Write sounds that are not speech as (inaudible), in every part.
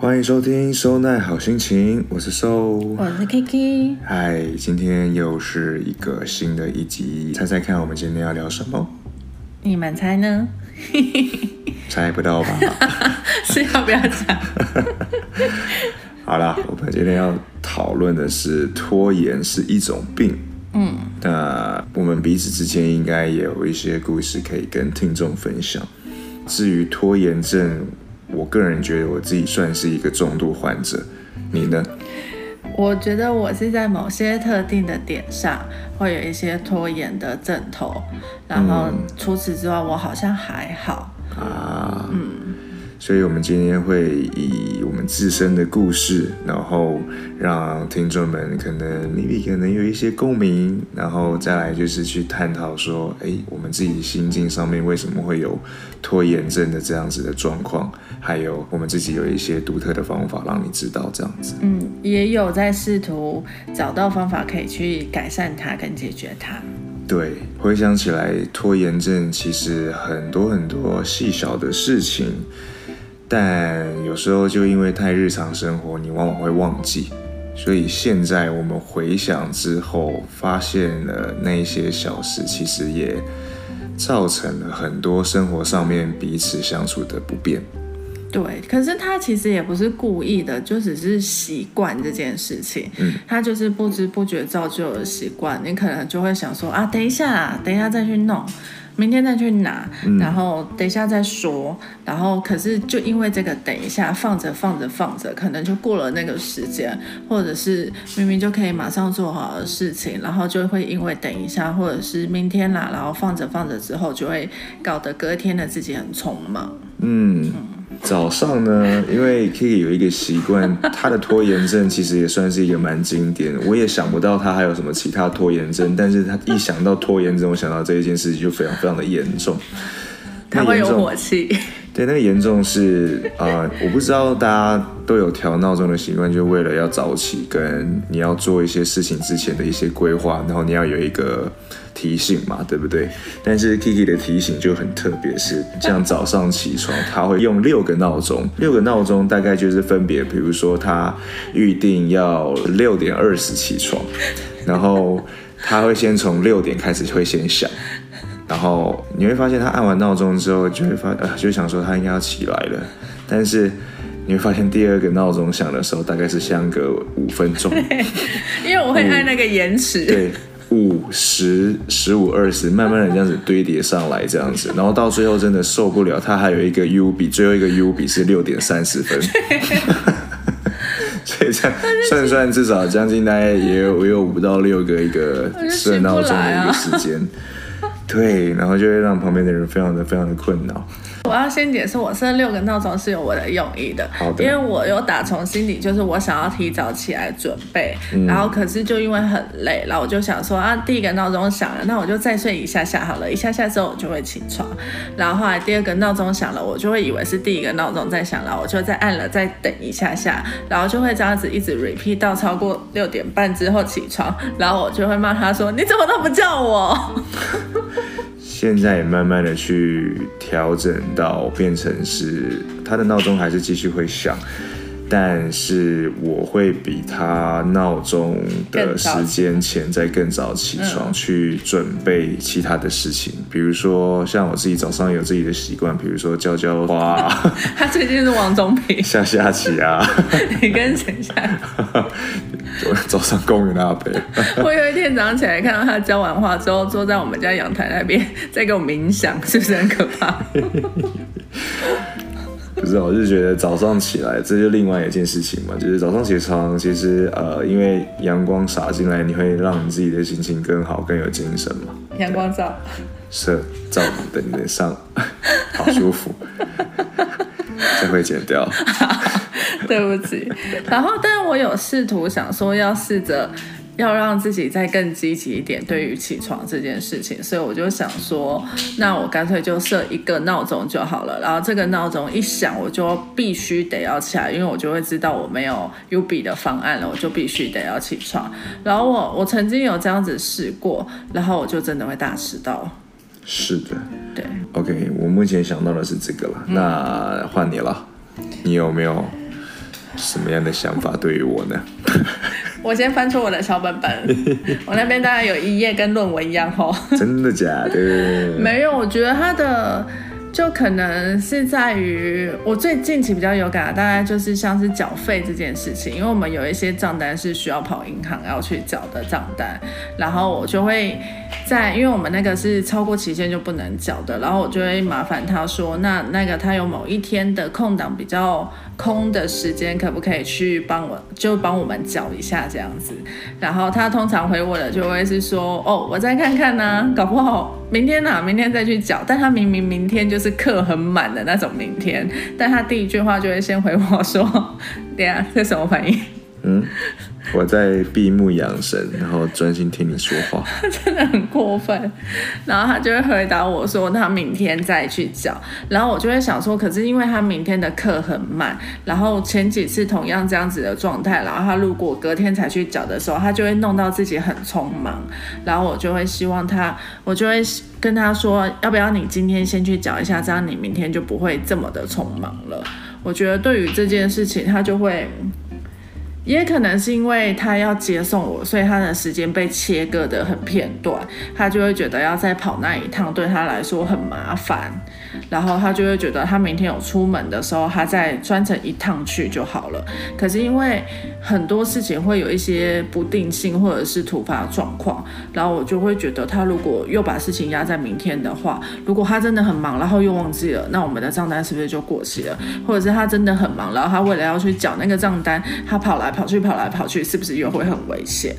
歡迎收聽 Soul Night，好心情，我是 Soul，我是 K K。嗨，今天又是一個新的一集，猜猜看我們今天要聊什麼？你們猜呢？ (laughs) 猜不到吧？ (laughs) 是要不要講？ (laughs) (laughs) 好啦，我們今天要討論的是拖延是一種病。嗯，那我們彼此之間應該也有一些故事可以跟聽眾分享。至於拖延症。我個人覺得我自己算是一個重度患者，你呢？我覺得我是在某些特定的點上會有一些拖延的症頭，嗯，然後除此之外，我好像還好啊。嗯，所以我們今天會以我們自身的故事，然後讓聽眾們可能你 a 可能有一些共鳴，然後再來就是去探討說，哎、欸，我們自己心境上面為什麼會有拖延症的這樣子的狀況？還有，我們自己有一些獨特的方法，讓你知道這樣子。嗯，也有在試圖找到方法，可以去改善它跟解決它。對，回想起來，拖延症其實很多很多細小的事情，但有時候就因為太日常生活，你往往會忘記。所以現在我們回想之後，發現了那一些小事，其實也造成了很多生活上面彼此相處的不便。對，可是他其實也不是故意的，就只是習慣這件事情。他就是不知不覺造就了習慣。你可能就會想說啊，等一下，等一下再去弄，明天再去拿，嗯、然後等一下再說。然後，可是就因為這個等一下放着放着放着，可能就過了那個時間，或者是明明就可以馬上做好的事情，然後就會因為等一下或者是明天啦，然後放着放着之後，就會搞得隔天的自己很匆忙。嗯。嗯早上呢，因為 Kiki 有一個習慣，他的拖延症其實也算是一個蠻經典的。我也想不到他還有什麼其他拖延症，但是他一想到拖延症，我想到這一件事情就非常非常的嚴重。他會有火氣。那個嚴重是啊、呃，我不知道大家都有調鬧鐘的習慣，就為了要早起，跟你要做一些事情之前的一些規劃，然後你要有一個提醒嘛，對不對？但是 Kiki 的提醒就很特別是，是像早上起床，他會用六個鬧鐘，六個鬧鐘大概就是分別，比如說他預定要六點二十起床，然後他會先從六點開始會先響。然後你會發現，他按完鬧鐘之後就會發、呃，就會發呃，就想說他應該要起來了。但是你會發現，第二個鬧鐘響的時候，大概是相隔五分鐘。因為我會按那個延遲。對，五、十、十五、二十，慢慢的這樣子堆疊上來，這樣子。 (laughs) 然後到最後真的受不了，他還有一個 U 比，最後一個 U 比是六點三十分。 (laughs) (laughs) 所以這樣算算，至少將近大概也有也有五到六個一個設鬧鐘的一個時間。對，然後就會讓旁邊的人非常的非常的困擾。我要先解釋我，我設六個鬧鐘是有我的用意的。好的。因為我有打從心底，就是我想要提早起來準備。嗯，然後可是就因為很累，然後我就想說啊，第一個鬧鐘響了，那我就再睡一下下好了，一下下之後我就會起床。然後後來第二個鬧鐘響了，我就會以為是第一個鬧鐘在響了，我就再按了再等一下下，然後就會這樣子一直 repeat 到超過六點半之後起床，然後我就會罵他說，你怎麼都不叫我？ (laughs) 現在也慢慢的去調整到變成是他的鬧鐘還是繼續會響。但是我會比他鬧鐘的時間前再更早起床，去準備其他的事情。比如說，像我自己早上有自己的習慣，比如說澆澆花。 (laughs) 他最近是王中平。下下棋啊。 (laughs) 你跟誰下？早上公園阿伯。我有一天早上起來，看到他澆完花之後，坐在我們家陽台那邊在給我冥想，是不是很可怕？ (laughs) 不是我就是覺得早上起來，這就另外一件事情嘛。就是早上起床，其實呃，因為陽光灑進來，你會讓你自己的心情更好，更有精神嘛。陽光照，是照在你的臉上， (laughs) 好舒服，這 (laughs) 會剪掉。對不起。然後，但我有試圖想說，要試着。要讓自己再更積極一點，對於起床這件事情，所以我就想說，那我乾脆就設一個鬧鐘就好了。然後這個鬧鐘一響，我就必須得要起來，因為我就會知道我沒有 U B 的方案了，我就必須得要起床。然後我我曾經有這樣子試過，然後我就真的會大遲到。是的，對。OK，我目前想到的是這個了。嗯，那換你了，你有沒有什麼樣的想法對於我呢？ (laughs) 我先翻出我的小本本， (laughs) 我那邊大概有一頁跟論文一樣齁。真的假的？ (laughs) 沒有，我覺得他的。就可能是在於我最近期比較有感的，大概就是像是繳費這件事情，因為我們有一些賬單是需要跑銀行要去繳的賬單，然後我就會在，因為我們那個是超過期限就不能繳的，然後我就會麻煩他說，那那個他有某一天的空檔比較空的時間，可不可以去幫我，就幫我們繳一下這樣子，然後他通常回我的就會是說，哦，我再看看呢、啊，搞不好。明天吶、啊，明天再去繳。但他明明明天就是課很滿的那種明天，但他第一句話就會先回我說：“對啊，這什麼反應？”嗯，我在閉目養神，然後專心聽你說話。他 (laughs) 真的很過分，然後他就會回答我說他明天再去繳，然後我就會想說，可是因為他明天的課很滿，然後前幾次同樣這樣子的狀態，然後他如果隔天才去繳的時候，他就會弄到自己很匆忙，然後我就會希望他，我就會跟他說，要不要你今天先去繳一下，這樣你明天就不會這麼的匆忙了。我覺得對於這件事情，他就會。也可能是因為他要接送我，所以他的時間被切割得很片段，他就會覺得要再跑那一趟，對他來說很麻煩。然後他就會覺得，他明天有出門的時候，他再專程一趟去就好了。可是因為很多事情會有一些不定性，或者是突發狀況，然後我就會覺得，他如果又把事情壓在明天的話，如果他真的很忙，然後又忘記了，那我們的賬單是不是就過期了？或者是他真的很忙，然後他為了要去繳那個賬單，他跑來跑去，跑來跑去，是不是又會很危險？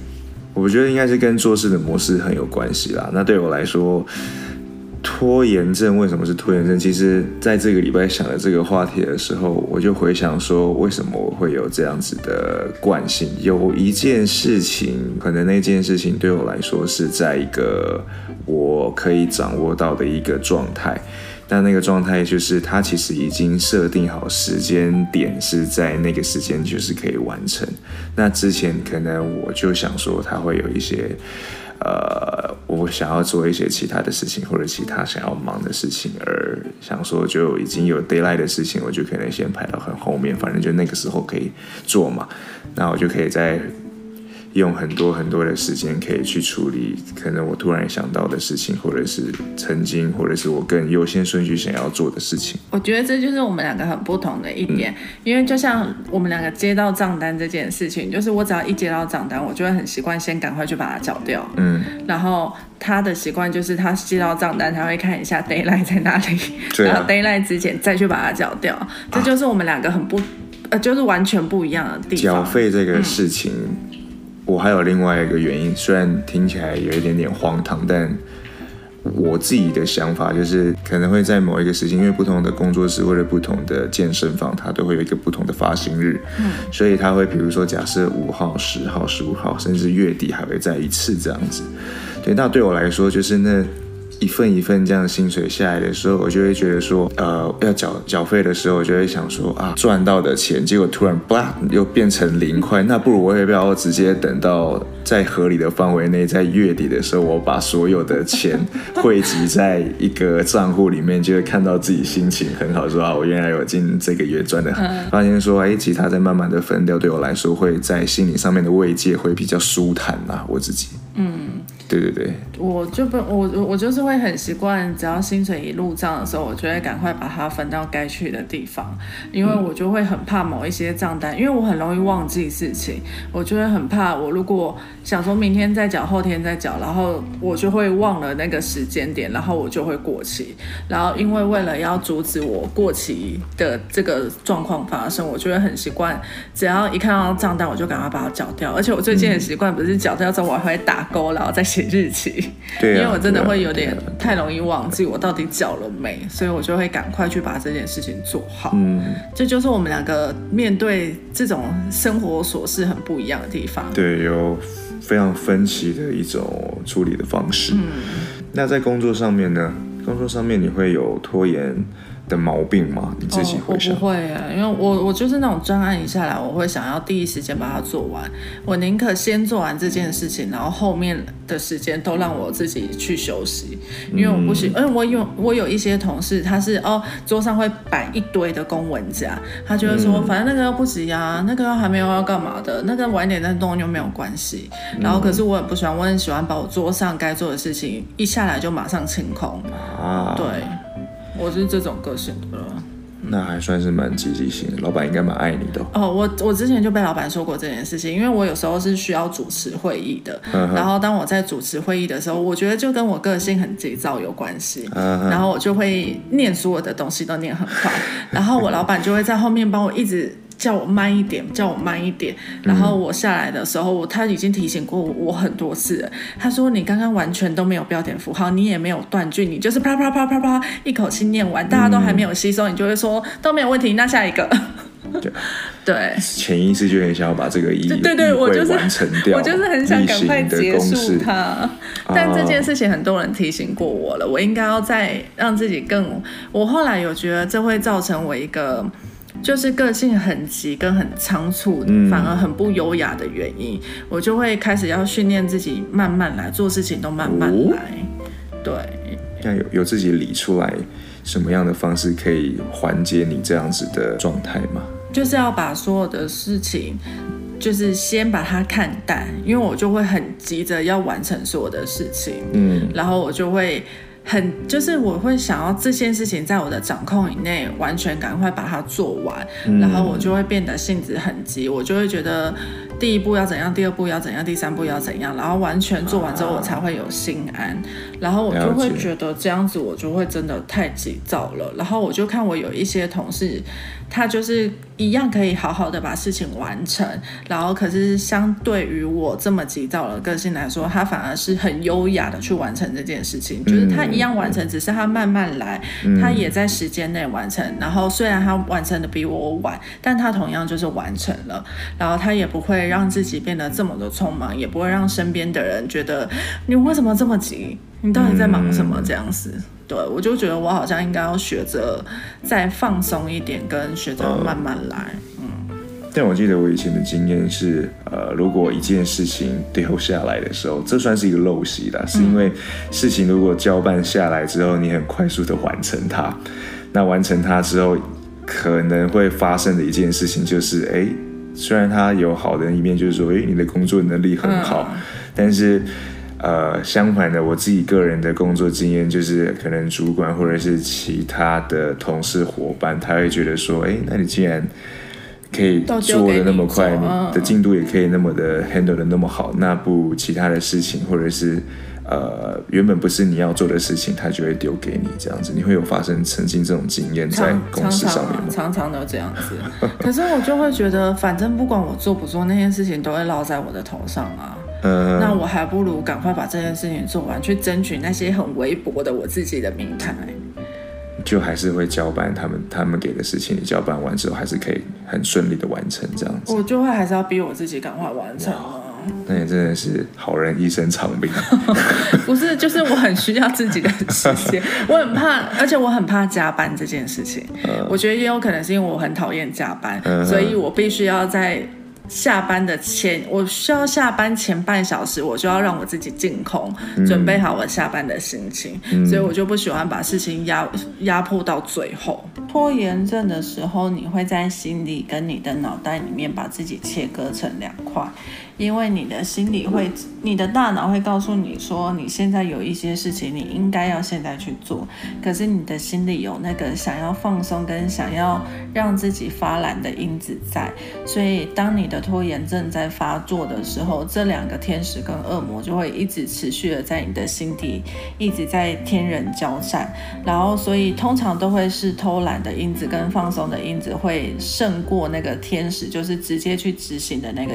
我覺得應該是跟做事的模式很有關係啦。那對我來說。拖延症，為什麼是拖延症？其實，在這個禮拜想了這個話題的時候，我就回想說，為什麼我會有這樣子的慣性？有一件事情，可能那件事情對我來說是在一個我可以掌握到的一個狀態，但那，那個狀態就是它其實已經設定好時間點是在那個時間就是可以完成。那之前可能我就想說，它會有一些。呃，我想要做一些其他的事情，或者其他想要忙的事情，而想說就已經有 deadline 的事情，我就可能先排到很後面，反正就那個時候可以做嘛，那我就可以在。用很多很多的時間可以去處理，可能我突然想到的事情，或者是曾經，或者是我更優先順序想要做的事情。我覺得這就是我們兩個很不同的一點，嗯、因為就像我們兩個接到賬單這件事情，就是我只要一接到賬單，我就會很習慣先趕快去把它繳掉。嗯。然後他的習慣就是他接到賬單，他會看一下 deadline 在哪裡，對啊、然後 deadline 之前再去把它繳掉，啊。這就是我們兩個很不呃，就是完全不一樣的地方。繳費這個事情。嗯我還有另外一個原因，雖然聽起來有一點點荒唐，但我自己的想法就是可能會在某一個時間，因為不同的工作室或者不同的健身房，它都會有一個不同的發行日，所以它會比如說假設五號、十號、十五號，甚至月底還會再一次這樣子，對，那對我來說就是那。一份一份這樣薪水下來的時候，我就會覺得說，呃，要繳繳費的時候，我就會想說啊，賺到的錢，結果突然啪又變成零塊，那不如我也不要直接等到在合理的範圍內，在月底的時候，我把所有的錢匯集在一個賬戶裡面， (laughs) 就會看到自己心情很好，說啊，我原來有進這個月賺的很，發現說，哎，其他在慢慢的分掉，對我來說會在心理上面的慰藉會比較舒坦啊，我自己，嗯。對對對，我就不我我就是會很習慣，只要薪水一入賬的時候，我就會趕快把它分到該去的地方，因為我就會很怕某一些賬單，因為我很容易忘記事情，我就會很怕我如果想說明天再繳，後天再繳，然後我就會忘了那個時間點，然後我就會過期，然後因為為了要阻止我過期的這個狀況發生，我就會很習慣，只要一看到賬單，我就趕快把它繳掉，而且我最近很習慣不是繳掉之後我還會打勾，然後再寫。日期，對，因為我真的會有點太容易忘記我到底繳了沒，所以我就會趕快去把這件事情做好。嗯，這就是我們兩個面對這種生活瑣事很不一樣的地方。對，有非常分歧的一種處理的方式。嗯，那在工作上面呢？工作上面你會有拖延的毛病嗎？你自己會？哦、不會、啊，因為我我就是那種專案一下來，我會想要第一時間把它做完。我寧可先做完這件事情，嗯、然後後面的時間都讓我自己去休息。因為我不喜，因、嗯、為我有我有一些同事，他是哦，桌上會擺一堆的公文夾，他就會說，嗯、反正那個不急啊，那個還沒有要幹嘛的，那個晚點再動就沒有關係。然後可是我也不喜歡，我很喜歡把我桌上該做的事情一下來就馬上清空啊、嗯，對。我是這種個性的。那還算是蠻積極性的，老闆應該蠻愛你的。哦、oh，我我之前就被老闆說過這件事情，因為我有時候是需要主持會議的，uh-huh. 然後當我在主持會議的時候，我覺得就跟我個性很急躁有關係，uh-huh. 然後我就會念所有的東西都念很快，uh-huh. 然後我老闆就會在後面幫我一直。 (laughs) 叫我慢一點，叫我慢一點、嗯。然後我下來的時候，他已經提醒過我很多次了。他說：“你剛剛完全都沒有標點符號，你也沒有斷句，你就是啪啪啪啪啪一口氣念完，大家都還沒有吸收，你就會說都沒有問題。那下一個。嗯”對 (laughs) 對，潛意識就很想要把這個一，對對，我就是完成掉，我就是很想趕快結束它。但這件事情很多人提醒過我了、哦，我應該要再讓自己更。我後來有覺得這會造成我一個。就是個性很急跟很倉促，嗯，反而很不優雅的原因，我就會開始要訓練自己慢慢來做事情，都慢慢來。哦、對，要有有自己理出來什麼樣的方式可以緩解你這樣子的狀態嗎？就是要把所有的事情，就是先把它看淡，因為我就會很急着要完成所有的事情。嗯，然後我就會。很就是我會想要這件事情在我的掌控以內，完全趕快把它做完，嗯、然後我就會變得性子很急，我就會覺得。第一步要怎樣？第二步要怎樣？第三步要怎樣？然後完全做完之後，我才會有心安、啊。然後我就會覺得這樣子，我就會真的太急躁了，了解。然後我就看我有一些同事，他就是一樣可以好好的把事情完成。然後可是相對於我這麼急躁的個性來說，他反而是很優雅的去完成這件事情。就是他一樣完成，嗯、只是他慢慢來、嗯，他也在時間內完成。然後雖然他完成的比我晚，但他同樣就是完成了。然後他也不會。讓自己變得這麼的匆忙，也不會讓身邊的人覺得你為什麼這麼急？你到底在忙什麼？這樣子，嗯、對，我就覺得我好像應該要學着再放鬆一點，跟學着慢慢來、呃。嗯。但我記得我以前的經驗是，呃，如果一件事情丟下來的時候，這算是一個陋習啦、嗯，是因為事情如果交辦下來之後，你很快速的完成它，那完成它之後，可能會發生的一件事情就是，誒、欸。雖然他有好的一面，就是說，誒、欸，你的工作能力很好，嗯，但是，呃，相反的，我自己個人的工作經驗就是，可能主管或者是其他的同事夥伴，他會覺得說，哎、欸，那你既然可以做的那麼快，你啊，你的進度也可以那麼的 handle 的那麼好，那不如其他的事情或者是。呃，原本不是你要做的事情，他就會丟給你這樣子，你會有發生曾經這種經驗在公司上面嗎？常常，常、啊、常常都這樣子，可是我就會覺得，反正不管我做不做那件事情，都會落在我的頭上啊。嗯、呃，那我還不如趕快把這件事情做完，去爭取那些很微薄的我自己的名牌。就還是會交辦他們，他們給的事情，你交辦完之後，還是可以很順利的完成這樣子。我就會還是要逼我自己趕快完成。Wow. 那也真的是好人一生長命。 (laughs) 不是，就是我很需要自己的時間， (laughs) 我很怕，而且我很怕加班這件事情。 (laughs) 我覺得也有可能是因為我很討厭加班， (laughs) 所以我必須要在下班的前，我需要下班前半小時，我就要讓我自己淨空， (laughs) 準備好我下班的心情， (laughs) 所以我就不喜歡把事情壓壓迫到最後。拖延症的時候，你會在心裡跟你的腦袋裡面把自己切割成兩塊。因為你的心裡會，你的大腦會告訴你說，你現在有一些事情，你應該要現在去做。可是你的心裡有那個想要放鬆跟想要讓自己發懶的因子在，所以當你的拖延症在發作的時候，這兩個天使跟惡魔就會一直持續的在你的心底一直在天人交戰。然後，所以通常都會是偷懶的因子跟放鬆的因子會勝過那個天使，就是直接去執行的那個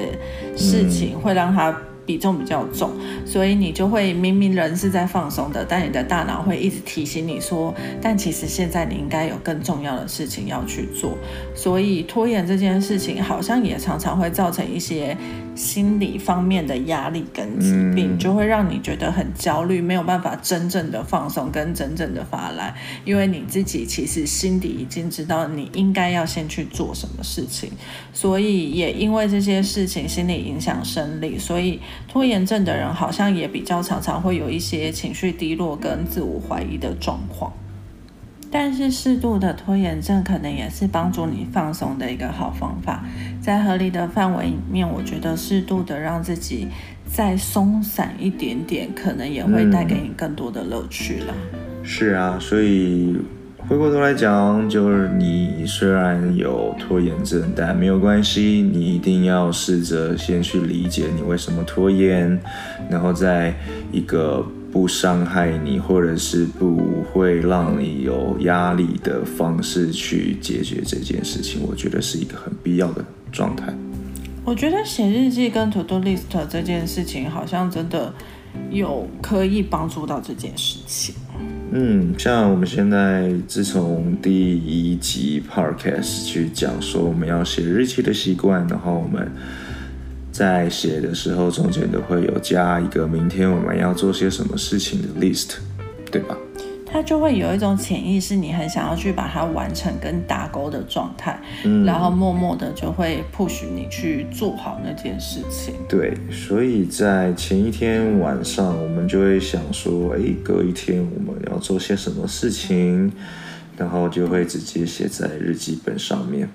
事情。嗯會讓他比重比較重，所以你就會明明人是在放鬆的，但你的大腦會一直提醒你說，但其實現在你應該有更重要的事情要去做，所以拖延這件事情好像也常常會造成一些。心理方面的壓力跟疾病，就會讓你覺得很焦慮，沒有辦法真正的放鬆跟真正的發懶。因為你自己其實心底已經知道你應該要先去做什麼事情，所以也因為這些事情心理影響生理，所以拖延症的人好像也比較常常會有一些情緒低落跟自我懷疑的狀況。但是適度的拖延症可能也是幫助你放鬆的一個好方法，在合理的範圍裡面，我覺得適度的讓自己再鬆散一點點，可能也會帶給你更多的樂趣了、嗯。是啊，所以回過頭來講，就是你雖然有拖延症，但沒有關係，你一定要試着先去理解你為什麼拖延，然後在一個。不傷害你，或者是不會讓你有壓力的方式去解決這件事情，我覺得是一個很必要的狀態。我覺得寫日記跟 to-do list 這件事情，好像真的有可以幫助到這件事情。嗯，像我們現在自從第一集 podcast 去講說我們要寫日記的習慣，然後我們。在寫的時候，中間都會有加一個明天我們要做些什麼事情的 list，對吧？它就會有一種潛意識，你很想要去把它完成跟打勾的狀態，嗯，然後默默的就會 push 你去做好那件事情。對，所以在前一天晚上，我們就會想說，哎，欸，隔一天我們要做些什麼事情，然後就會直接寫在日記本上面。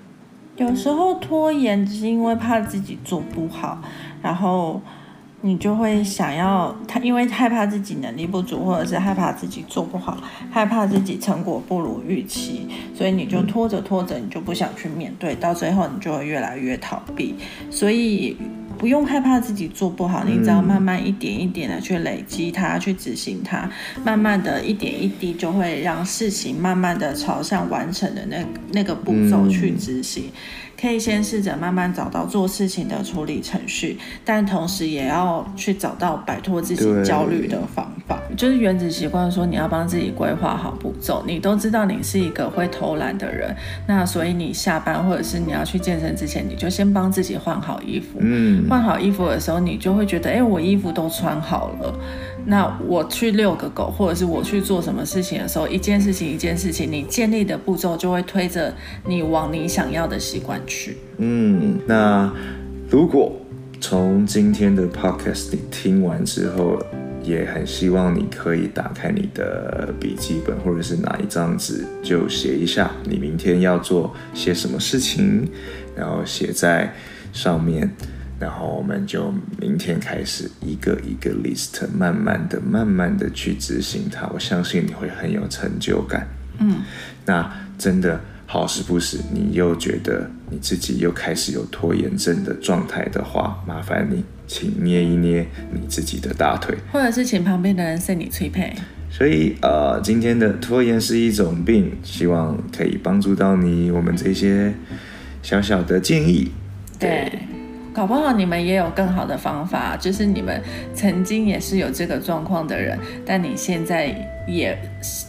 有時候拖延，只是因為怕自己做不好，然後你就會想要他，因為害怕自己能力不足，或者是害怕自己做不好，害怕自己成果不如預期，所以你就拖着拖着，你就不想去面對，到最後你就會越來越逃避，所以。不用害怕自己做不好，你只要慢慢一點一點的去累積它，嗯、去執行它，慢慢的一點一滴就會讓事情慢慢的朝向完成的那個、那個步驟去執行，嗯。可以先試着慢慢找到做事情的處理程序，但同時也要去找到擺脫自己焦慮的方法。就是原子習慣說，你要幫自己規劃好步驟。你都知道你是一個會偷懶的人，那所以你下班或者是你要去健身之前，你就先幫自己換好衣服。嗯，換好衣服的時候，你就會覺得，欸，我衣服都穿好了。那我去遛個狗，或者是我去做什麼事情的時候，一件事情一件事情，你建立的步驟就會推着你往你想要的習慣去。嗯，那如果從今天的 podcast 你聽完之後。也很希望你可以打開你的筆記本，或者是拿一張紙，就寫一下你明天要做些什麼事情，然後寫在上面，然後我們就明天開始一個一個 list，慢慢的、慢慢的去執行它。我相信你會很有成就感。嗯，那真的好，時不時你又覺得你自己又開始有拖延症的狀態的話，麻煩你，請捏一捏你自己的大腿，或者是請旁邊的人替你捶背。所以，呃，今天的拖延是一種病，希望可以幫助到你，我們這些小小的建議。對，對，搞不好你們也有更好的方法，就是你們曾經也是有這個狀況的人，但你現在也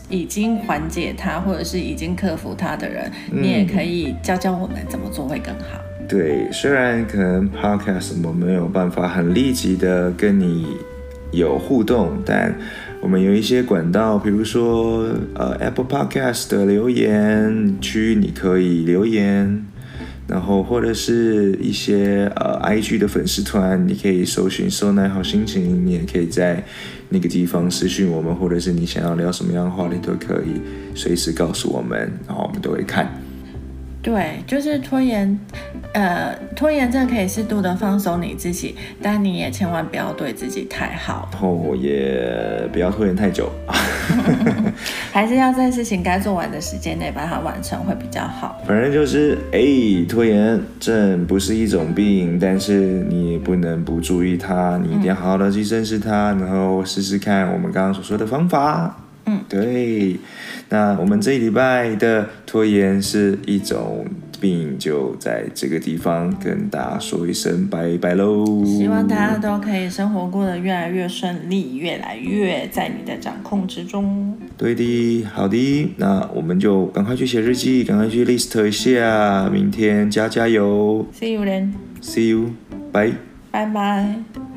已經緩解他，或者是已經克服他的人，你也可以教教我們怎麼做會更好。嗯對，雖然可能 podcast 我們沒有辦法很立即的跟你有互動，但我們有一些管道，比如說呃 Apple Podcast 的留言區，你可以留言，然後或者是一些呃 IG 的粉絲團，你可以搜尋 “SOUL NIGHT 好心情”，你也可以在那個地方私訊我們，或者是你想要聊什麼樣的話題都可以隨時告訴我們，然後我們都會看。對，就是拖延，呃，拖延症可以適度的放鬆你自己，但你也千萬不要對自己太好哦，也、oh yeah, 不要拖延太久啊， (laughs) (laughs) 還是要在事情該做完的時間內把它完成會比較好。反正就是，哎、欸，拖延症不是一種病，但是你也不能不注意它，你一定要好好的去認識它，然後試試看我們剛剛所說的方法。嗯，對，那我們這一禮拜的拖延是一種病，就在這個地方跟大家說一聲拜拜嘍。希望大家都可以生活過得越來越順利，越來越在你的掌控之中。對的，好的，那我們就趕快去寫日記，趕快去 list 一下，明天加加油。See you then。See you。拜拜拜。